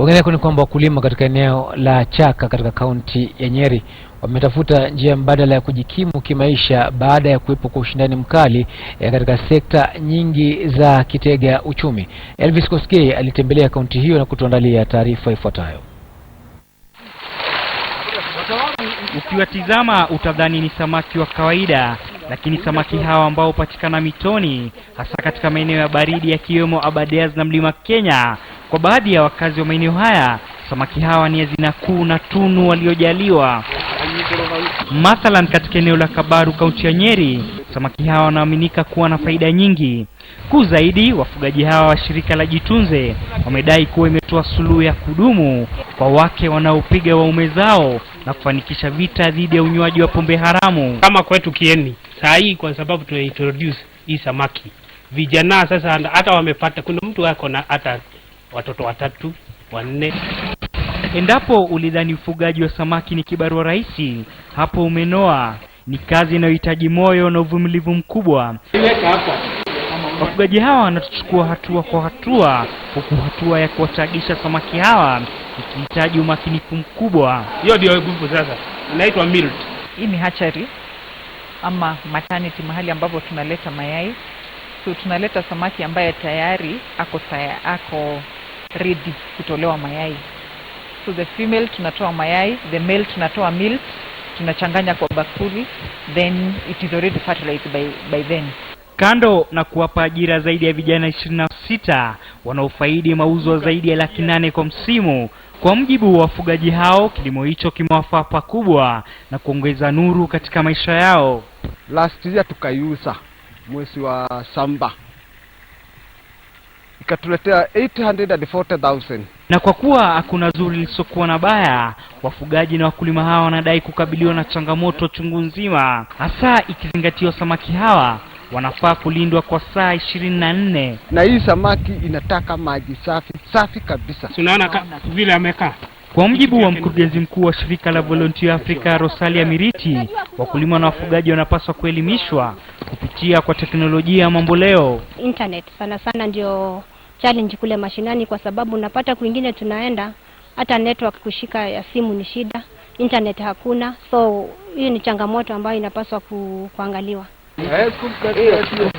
Wengineko ni kwamba wakulima katika eneo la Chaka katika kaunti ya Nyeri wametafuta njia mbadala ya kujikimu kimaisha baada ya kuwepo kwa ushindani mkali eh, katika sekta nyingi za kitega uchumi. Elvis Koskei alitembelea kaunti hiyo na kutuandalia taarifa ifuatayo. Ukiwatizama utadhani ni samaki wa kawaida, lakini samaki hawa ambao hupatikana mitoni hasa katika maeneo ya baridi yakiwemo Aberdares na Mlima Kenya kwa baadhi ya wakazi wa maeneo haya, samaki hawa ni hazina kuu na tunu waliojaliwa. Mathalan, katika eneo la Kabaru, kaunti ya Nyeri, samaki hawa wanaaminika kuwa na faida nyingi. Kuu zaidi, wafugaji hawa wa shirika la Jitunze wamedai kuwa imetoa suluhu ya kudumu kwa wake wanaopiga waume zao na kufanikisha vita dhidi ya unywaji wa pombe haramu. Kama kwetu Kieni saa hii, kwa sababu introduce hii samaki, vijana sasa hata wamepata, kuna mtu ako na hata watoto watatu wanne. Endapo ulidhani ufugaji wa samaki ni kibarua rahisi, hapo umenoa. Ni kazi inayohitaji moyo na uvumilivu mkubwa. Wafugaji hawa wanatuchukua hatua kwa hatua, huku hatua ya kuwatagisha samaki hawa ikihitaji umakinifu mkubwa. Hiyo ndio nguvu sasa, inaitwa milt. Hii ni hachari ama maternity, mahali ambapo tunaleta mayai. So tunaleta samaki ambaye tayari ako tayari, ako ready kutolewa mayai. So the female tunatoa mayai, the male tunatoa milk, tunachanganya kwa bakuli, then it is already fertilized by, by then. Kando na kuwapa ajira zaidi ya vijana 26 wanaofaidi mauzo zaidi ya laki nane kwa msimu, kwa mjibu wa wafugaji hao, kilimo hicho kimewafaa pakubwa na kuongeza nuru katika maisha yao. Last year tukaiuza mwezi wa samba ikatuletea 840,000 na kwa kuwa hakuna zuri lisokuwa na baya, wafugaji na wakulima hawa wanadai kukabiliwa na changamoto chungu nzima, hasa ikizingatiwa samaki hawa wanafaa kulindwa kwa saa ishirini na nne na hii samaki inataka maji safi safi kabisa. Tunaona vile amekaa. Kwa mujibu wa mkurugenzi mkuu wa shirika la Volunteer Africa Rosalia Miriti, wakulima na wafugaji wanapaswa kuelimishwa kupitia kwa teknolojia ya mambo leo. Internet sana sana ndio challenge kule mashinani, kwa sababu unapata kwingine tunaenda hata network kushika ya simu ni shida, internet hakuna. So hiyo ni changamoto ambayo inapaswa ku, kuangaliwa.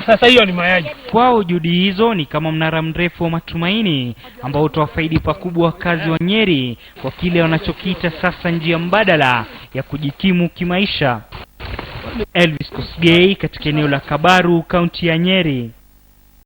Sasa hiyo ni mayaji kwao. Juhudi hizo ni kama mnara mrefu wa matumaini ambao utawafaidi pakubwa wakazi wa Nyeri kwa kile wanachokiita sasa njia mbadala ya kujikimu kimaisha. Elvis Kosgei katika eneo la Kabaru, kaunti ya Nyeri.